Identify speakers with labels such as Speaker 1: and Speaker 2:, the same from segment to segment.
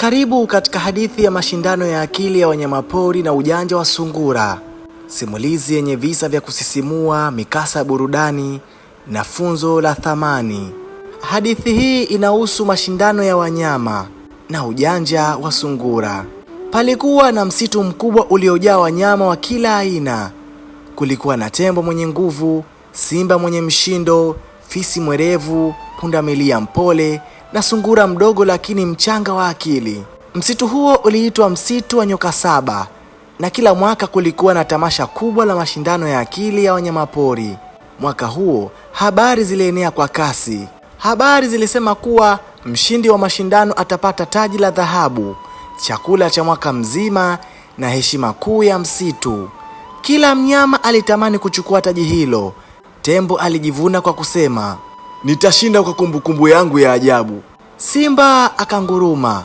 Speaker 1: Karibu katika hadithi ya mashindano ya akili ya wanyamapori na ujanja wa sungura, simulizi yenye visa vya kusisimua, mikasa ya burudani na funzo la thamani. Hadithi hii inahusu mashindano ya wanyama na ujanja wa sungura. Palikuwa na msitu mkubwa uliojaa wanyama wa kila aina. Kulikuwa na tembo mwenye nguvu, simba mwenye mshindo, fisi mwerevu, pundamilia mpole na sungura mdogo lakini mchanga wa akili. Msitu huo uliitwa msitu wa nyoka saba, na kila mwaka kulikuwa na tamasha kubwa la mashindano ya akili ya wanyamapori. Mwaka huo habari zilienea kwa kasi. Habari zilisema kuwa mshindi wa mashindano atapata taji la dhahabu, chakula cha mwaka mzima na heshima kuu ya msitu. Kila mnyama alitamani kuchukua taji hilo. Tembo alijivuna kwa kusema nitashinda kwa kumbukumbu kumbu yangu ya ajabu. Simba akanguruma,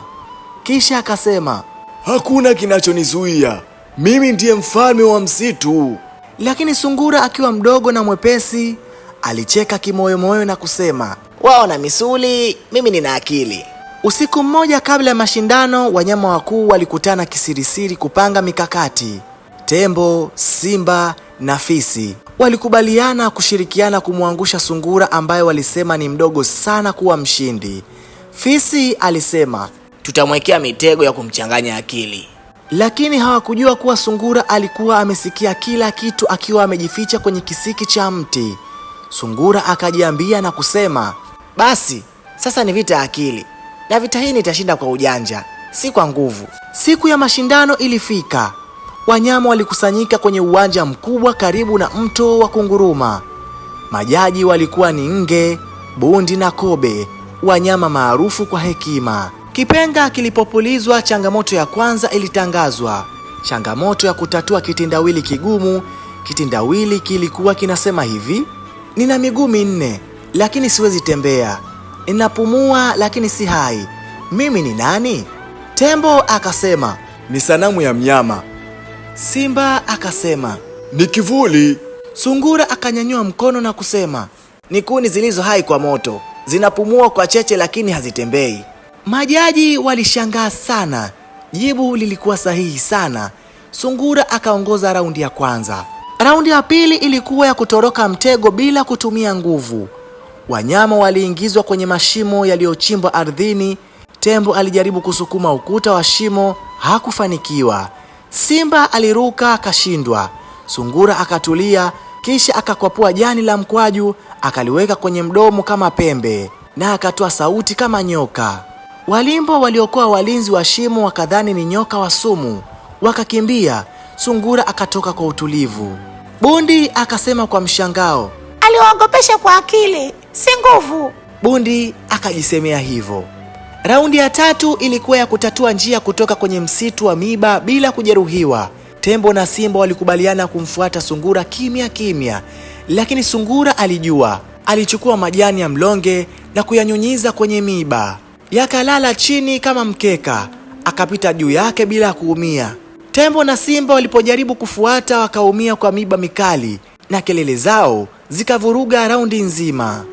Speaker 1: kisha akasema, hakuna kinachonizuia, mimi ndiye mfalme wa msitu. Lakini sungura akiwa mdogo na mwepesi alicheka kimoyomoyo na kusema, wao na misuli, mimi nina akili. Usiku mmoja kabla ya mashindano, wanyama wakuu walikutana kisirisiri kupanga mikakati. Tembo, simba na fisi walikubaliana kushirikiana kumwangusha sungura ambaye walisema ni mdogo sana kuwa mshindi. Fisi alisema tutamwekea mitego ya kumchanganya akili, lakini hawakujua kuwa sungura alikuwa amesikia kila kitu akiwa amejificha kwenye kisiki cha mti. Sungura akajiambia na kusema, basi sasa ni vita ya akili, na vita hii nitashinda kwa ujanja, si kwa nguvu. Siku ya mashindano ilifika. Wanyama walikusanyika kwenye uwanja mkubwa karibu na mto wa kunguruma. Majaji walikuwa ni nge, bundi na kobe, wanyama maarufu kwa hekima. Kipenga kilipopulizwa, changamoto ya kwanza ilitangazwa, changamoto ya kutatua kitendawili kigumu. Kitendawili kilikuwa kinasema hivi: nina miguu minne lakini siwezi tembea, ninapumua lakini si hai, mimi ni nani? Tembo akasema, ni sanamu ya mnyama Simba akasema ni kivuli. Sungura akanyanyua mkono na kusema ni kuni zilizo hai kwa moto, zinapumua kwa cheche lakini hazitembei. Majaji walishangaa sana, jibu lilikuwa sahihi sana. Sungura akaongoza raundi ya kwanza. Raundi ya pili ilikuwa ya kutoroka mtego bila kutumia nguvu. Wanyama waliingizwa kwenye mashimo yaliyochimbwa ardhini. Tembo alijaribu kusukuma ukuta wa shimo, hakufanikiwa. Simba aliruka akashindwa. Sungura akatulia, kisha akakwapua jani la mkwaju akaliweka kwenye mdomo kama pembe, na akatoa sauti kama nyoka. Walimbo waliokuwa walinzi wa shimo wakadhani ni nyoka wa sumu, wakakimbia. Sungura akatoka kwa utulivu. Bundi akasema kwa mshangao, aliwaogopesha kwa akili, si nguvu. Bundi akajisemea hivyo. Raundi ya tatu ilikuwa ya kutatua njia kutoka kwenye msitu wa miba bila kujeruhiwa. Tembo na simba walikubaliana kumfuata sungura kimya kimya, lakini sungura alijua. Alichukua majani ya mlonge na kuyanyunyiza kwenye miba, yakalala chini kama mkeka, akapita juu yake bila kuumia. Tembo na simba walipojaribu kufuata, wakaumia kwa miba mikali na kelele zao zikavuruga raundi nzima.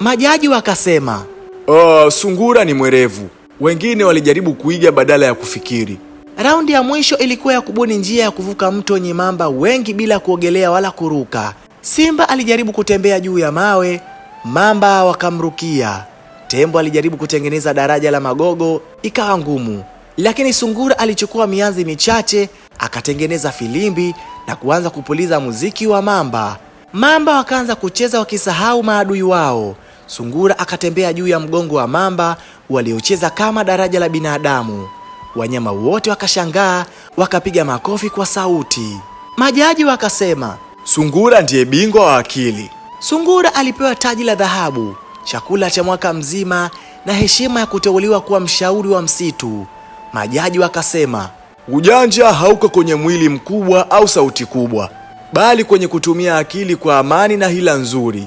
Speaker 1: Majaji wakasema Uh, sungura ni mwerevu. Wengine walijaribu kuiga badala ya kufikiri. Raundi ya mwisho ilikuwa ya kubuni njia ya kuvuka mto wenye mamba wengi bila kuogelea wala kuruka. Simba alijaribu kutembea juu ya mawe, mamba wakamrukia. Tembo alijaribu kutengeneza daraja la magogo, ikawa ngumu. Lakini sungura alichukua mianzi michache, akatengeneza filimbi na kuanza kupuliza muziki wa mamba. Mamba wakaanza kucheza wakisahau maadui wao. Sungura akatembea juu ya mgongo wa mamba waliocheza kama daraja la binadamu. Wanyama wote wakashangaa, wakapiga makofi kwa sauti. Majaji wakasema, Sungura ndiye bingwa wa akili. Sungura alipewa taji la dhahabu, chakula cha mwaka mzima na heshima ya kuteuliwa kuwa mshauri wa msitu. Majaji wakasema, ujanja hauko kwenye mwili mkubwa au sauti kubwa, bali kwenye kutumia akili kwa amani na hila nzuri.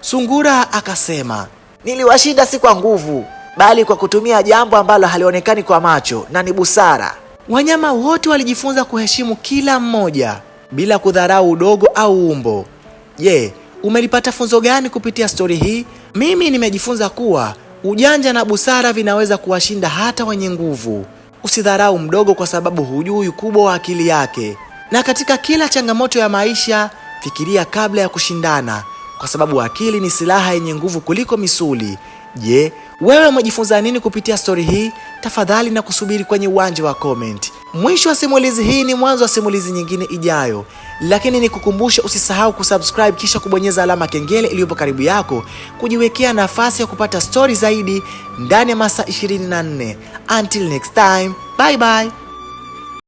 Speaker 1: Sungura akasema, niliwashinda si kwa nguvu, bali kwa kutumia jambo ambalo halionekani kwa macho na ni busara. Wanyama wote walijifunza kuheshimu kila mmoja bila kudharau udogo au umbo. Je, umelipata funzo gani kupitia stori hii? Mimi nimejifunza kuwa ujanja na busara vinaweza kuwashinda hata wenye nguvu. Usidharau mdogo kwa sababu hujui ukubwa wa akili yake, na katika kila changamoto ya maisha, fikiria kabla ya kushindana kwa sababu akili ni silaha yenye nguvu kuliko misuli. Je, wewe umejifunza nini kupitia stori hii? Tafadhali na kusubiri kwenye uwanja wa comment. Mwisho wa simulizi hii ni mwanzo wa simulizi nyingine ijayo, lakini nikukumbusha, usisahau kusubscribe kisha kubonyeza alama kengele iliyopo karibu yako, kujiwekea nafasi ya kupata stori zaidi ndani ya masaa 24. Until next time, bye bye.